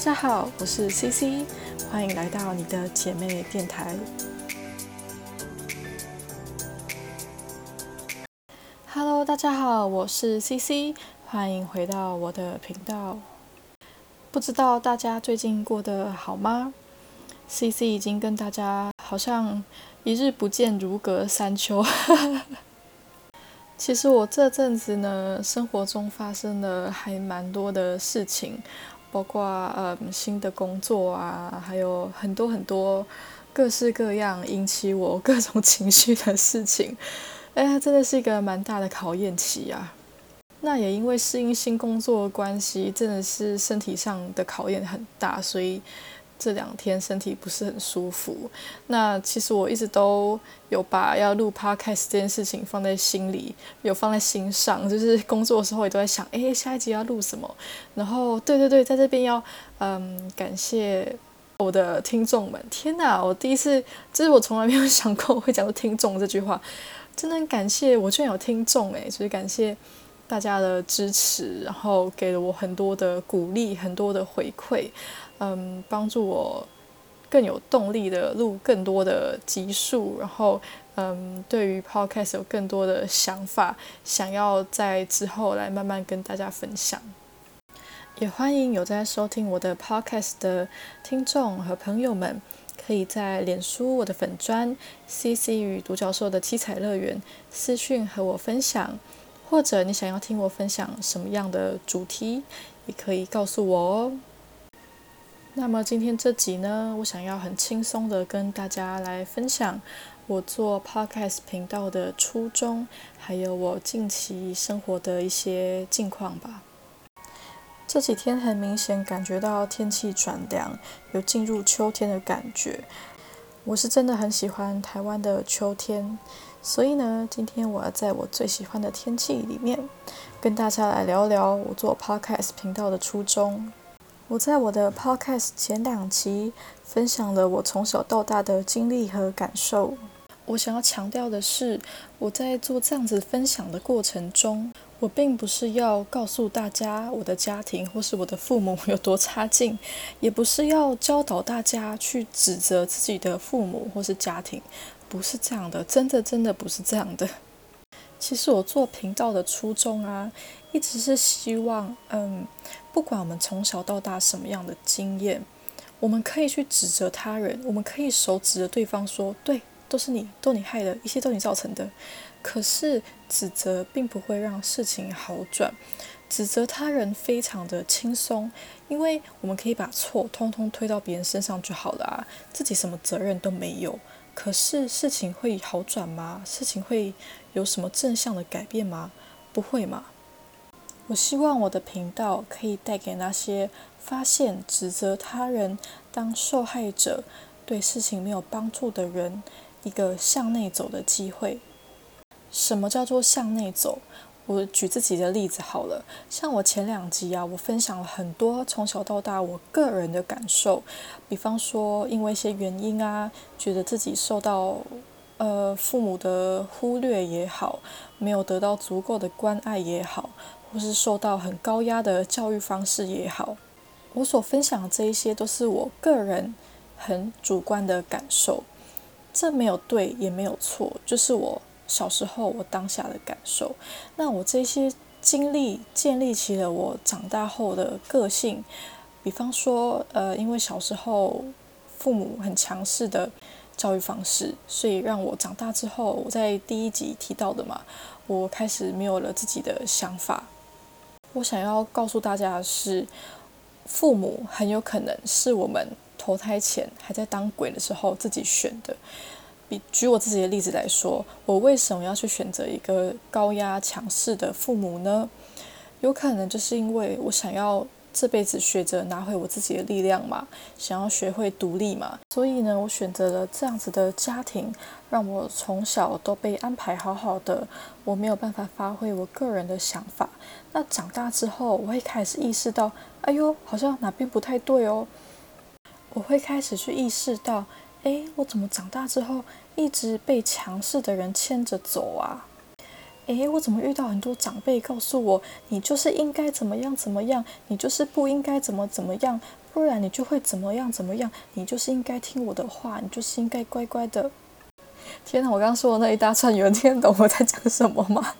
大家好，我是 CC，歡迎來到你的姐妹電台。Hello，大家好，我是 CC，歡迎回到我的頻道。不知道大家最近過得好嗎？CC 已經跟大家好像一日不見如隔三秋。 其實我這陣子呢，生活中發生了還蠻多的事情。包括呃、嗯、新的工作啊，還有很多很多各式各樣引起我各種情緒的事情，哎呀，真的是一個蠻大的考驗期啊。那也因為適應新工作關係，真的是身體上的考驗很大，所以。這兩天身體不是很舒服，那其實我一直都有把要錄 podcast 這件事情放在心裡，有放在心上，就是工作的時候也都在想，哎，下一集要錄什麼。然後，對對對，在這邊要嗯，感謝我的聽眾們。天哪，我第一次，這、就是我從來沒有想過我會講到聽眾這句話，真的很感謝，我居然有聽眾誒、欸，所以感謝大家的支持，然後給了我很多的鼓勵，很多的回饋。嗯，幫助我更有動力的錄更多的集數，然後嗯，對於 podcast 有更多的想法，想要在之後來慢慢跟大家分享。也歡迎有在收聽我的 podcast 的聽眾和朋友們，可以在臉書我的粉專 CC 與獨角獸的七彩樂園私訊和我分享，或者你想要聽我分享什麼樣的主題，也可以告訴我哦。那麼今天這集呢，我想要很輕鬆的跟大家來分享我做 Podcast 頻道的初衷，還有我近期生活的一些近況吧。這幾天很明顯感覺到天氣轉涼，有進入秋天的感覺。我是真的很喜歡台灣的秋天，所以呢，今天我要在我最喜歡的天氣裡面，跟大家來聊聊我做 Podcast 頻道的初衷。我在我的 podcast 前兩集分享了我從小到大的經歷和感受。我想要強調的是，我在做這樣子分享的過程中，我並不是要告訴大家我的家庭或是我的父母有多差勁，也不是要教導大家去指責自己的父母或是家庭，不是這樣的，真的真的不是這樣的。其實我做頻道的初衷啊，一直是希望，嗯，不管我們從小到大什麼樣的經驗，我們可以去指責他人，我們可以手指着對方說：“對，都是你，都你害的，一切都你造成的。”可是指責並不會讓事情好轉，指責他人非常的輕鬆，因為我們可以把錯通通推到別人身上就好了，啊，自己什麼責任都沒有。可是事情會好轉嗎？事情會？有什麼正向的改變嗎？不會嗎？我希望我的頻道可以帶給那些發現指責他人、當受害者、對事情沒有幫助的人一個向內走的機會。什麼叫做向內走？我舉自己的例子好了。像我前兩集啊，我分享了很多從小到大我個人的感受，比方說因為一些原因啊，覺得自己受到……呃，父母的忽略也好，沒有得到足夠的關愛也好，或是受到很高壓的教育方式也好，我所分享的這一些都是我個人很主觀的感受，這沒有對也沒有錯，就是我小時候我當下的感受。那我這些經歷建立起了我長大後的個性，比方說，呃，因為小時候父母很強勢的教育方式，所以讓我長大之後，我在第一集提到的嘛，我開始沒有了自己的想法。我想要告訴大家的是，父母很有可能是我們投胎前還在當鬼的時候自己選的。比舉我自己的例子來說，我為什麼要去選擇一個高壓強勢的父母呢？有可能就是因為我想要。這輩子學着拿回我自己的力量嘛，想要學會獨立嘛，所以呢，我選擇了這樣子的家庭，讓我從小都被安排好好的，我沒有辦法發揮我個人的想法。那長大之後，我會開始意識到，哎呦，好像哪邊不太對哦。我會開始去意識到，哎，我怎麼長大之後一直被強勢的人牽着走啊？誒，我怎麼遇到很多長輩告訴我，你就是應該怎麼樣怎麼樣，你就是不應該怎麼怎麼樣，不然你就會怎麼樣怎麼樣，你就是應該聽我的話，你就是應該乖乖的。天哪，我剛剛說的那一大串，有人聽得懂我在講什麼嗎？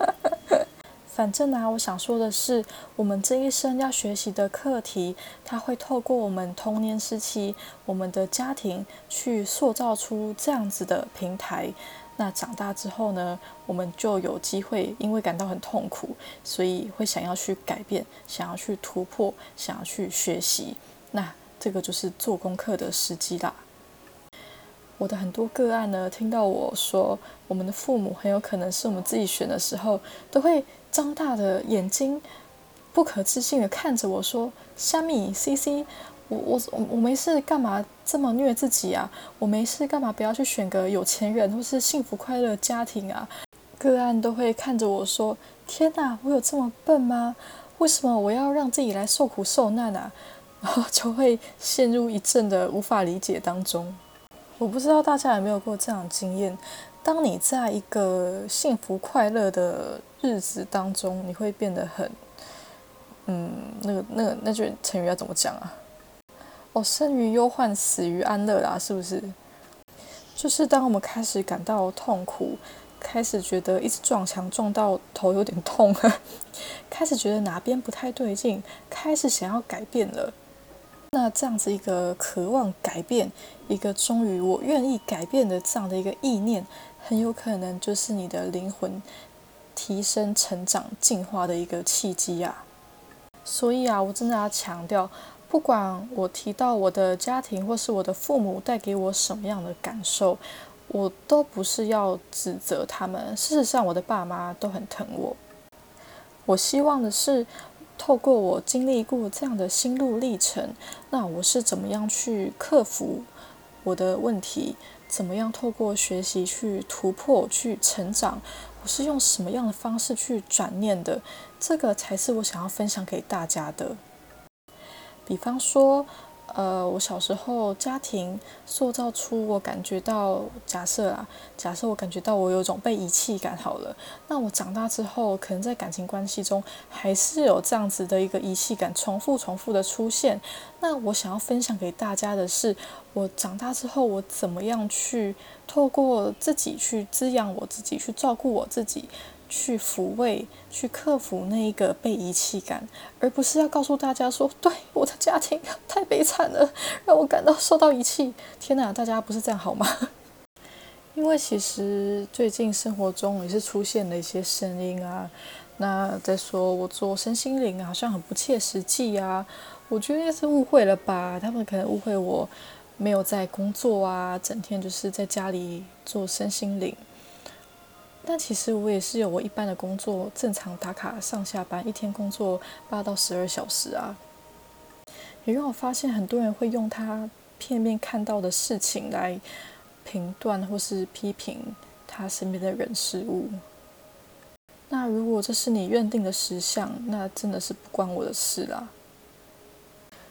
反正呢、啊，我想說的是，我們這一生要學習的課題，它會透過我們童年時期、我們的家庭去塑造出這樣子的平台。那長大之後呢，我們就有機會，因為感到很痛苦，所以會想要去改變，想要去突破，想要去學習。那這個就是做功課的時機啦。我的很多個案呢，聽到我說我們的父母很有可能是我們自己選的時候，都會張大的眼睛，不可置信的看着我說：“蝦米，CC，我我我我沒事幹嘛這麼虐自己啊？我沒事幹嘛不要去選個有錢人或是幸福快樂的家庭啊？”個案都會看着我說：“天啊，我有這麼笨嗎？為什麼我要讓自己來受苦受難啊？”然後就會陷入一陣的無法理解當中。我不知道大家有沒有過這樣的經驗，當你在一個幸福快樂的日子當中，你會變得很……嗯，那個、那個、那句成語要怎麼講啊？哦，生於憂患，死於安樂啊，是不是？就是當我們開始感到痛苦，開始覺得一直撞牆撞到頭有點痛， 開始覺得哪邊不太對勁，開始想要改變了。那這樣子一個渴望改變，一個終於我願意改變的這樣的一個意念，很有可能就是你的靈魂提升、成長、進化的一個契機啊。所以啊，我真的要強調，不管我提到我的家庭或是我的父母帶給我什麼樣的感受，我都不是要指責他們。事實上，我的爸媽都很疼我。我希望的是，透過我經歷過這樣的心路歷程，那我是怎麼樣去克服我的問題？怎麼樣透過學習去突破、去成長？我是用什麼樣的方式去轉念的？這個才是我想要分享給大家的。比方說。呃，我小時候家庭塑造出我感覺到假設啊，假設我感覺到我有種被遺棄感。好了，那我長大之後，可能在感情關係中還是有這樣子的一個遺棄感，重複重複的出現。那我想要分享給大家的是，我長大之後我怎麼樣去透過自己去滋養我自己，去照顧我自己。去撫慰、去克服那一個被遺棄感，而不是要告訴大家說，對，我的家庭太悲慘了，讓我感到受到遺棄。天哪，大家不是這樣好嗎？ 因為其實最近生活中也是出現了一些聲音啊，那在說我做身心靈好像很不切實際啊，我覺得應該是誤會了吧？他們可能誤會我沒有在工作啊，整天就是在家裡做身心靈。但其實我也是有我一般的工作，正常打卡上下班，一天工作八到十二小時啊。也讓我發現很多人會用他片面看到的事情來評斷或是批評他身邊的人事物。那如果這是你認定的實相，那真的是不關我的事啦。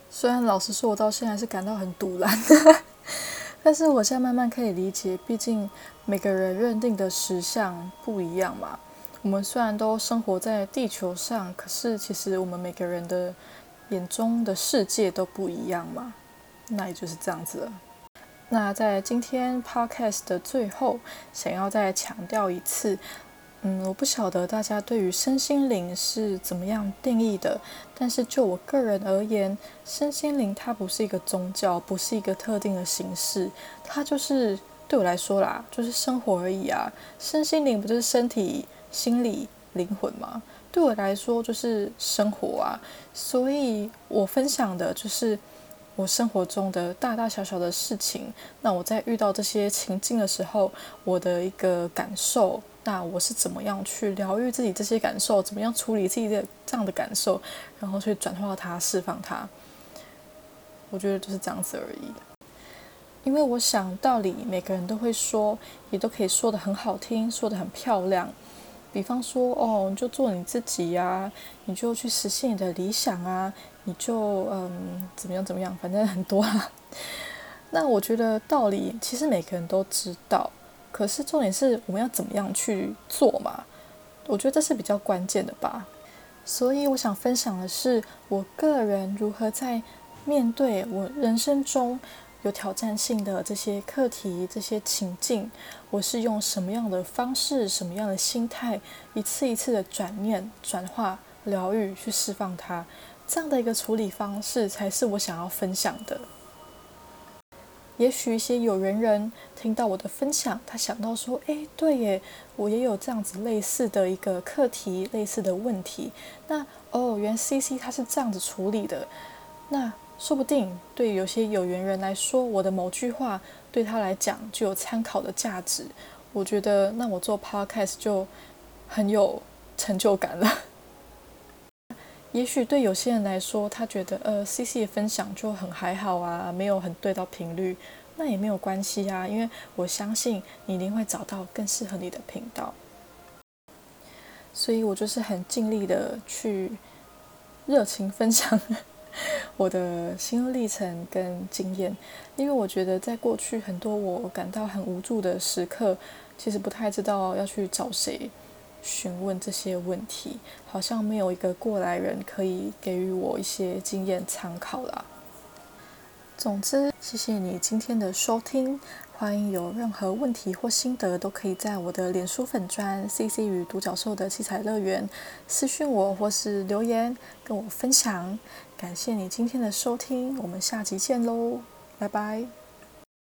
雖然老實說，我到現在是感到很賭爛。 但是我現在慢慢可以理解，畢竟每個人認定的實相不一樣嘛。我們雖然都生活在地球上，可是其實我們每個人的眼中的世界都不一樣嘛。那也就是這樣子了。那在今天 podcast 的最後，想要再強調一次。嗯，我不曉得大家對於身心靈是怎麼樣定義的，但是就我個人而言，身心靈它不是一個宗教，不是一個特定的形式，它就是對我來說啦，就是生活而已啊。身心靈不就是身體、心理、靈魂嗎？對我來說就是生活啊。所以我分享的就是我生活中的大大小小的事情。那我在遇到這些情境的時候，我的一個感受。那我是怎麼樣去療癒自己這些感受？怎麼樣處理自己的這樣的感受？然後去轉化它，釋放它。我覺得就是這樣子而已。因為我想道理，每個人都會說，也都可以說得很好聽，說得很漂亮。比方說，哦，你就做你自己呀，啊，你就去實現你的理想啊，你就嗯，怎麼樣怎麼樣，反正很多啊。那我覺得道理其實每個人都知道。可是重點是我們要怎麼樣去做嘛？我覺得這是比較關鍵的吧。所以我想分享的是，我個人如何在面對我人生中有挑戰性的這些課題、這些情境，我是用什麼樣的方式、什麼樣的心態，一次一次的轉念、轉化、療癒，去釋放它，這樣的一個處理方式，才是我想要分享的。也許一些有緣人聽到我的分享，他想到說：“哎、欸，對耶，我也有這樣子類似的一個課題，類似的問題。那哦，原來 CC 他是這樣子處理的。那說不定對有些有緣人來說，我的某句話對他來講就有參考的價值。我覺得，那我做 Podcast 就很有成就感了。”也許對有些人來說，他覺得呃，CC 的分享就很還好啊，沒有很對到頻率，那也沒有關係啊，因為我相信你一定會找到更適合你的頻道。所以我就是很盡力的去熱情分享我的心路歷程跟經驗，因為我覺得在過去很多我感到很無助的時刻，其實不太知道要去找誰。詢問這些問題，好像沒有一個過來人可以給予我一些經驗參考了。總之，謝謝你今天的收聽，歡迎有任何問題或心得，都可以在我的臉書粉專 “C C 與獨角獸的七彩樂園”私訊我，或是留言跟我分享。感謝你今天的收聽，我們下集見嘍，拜拜。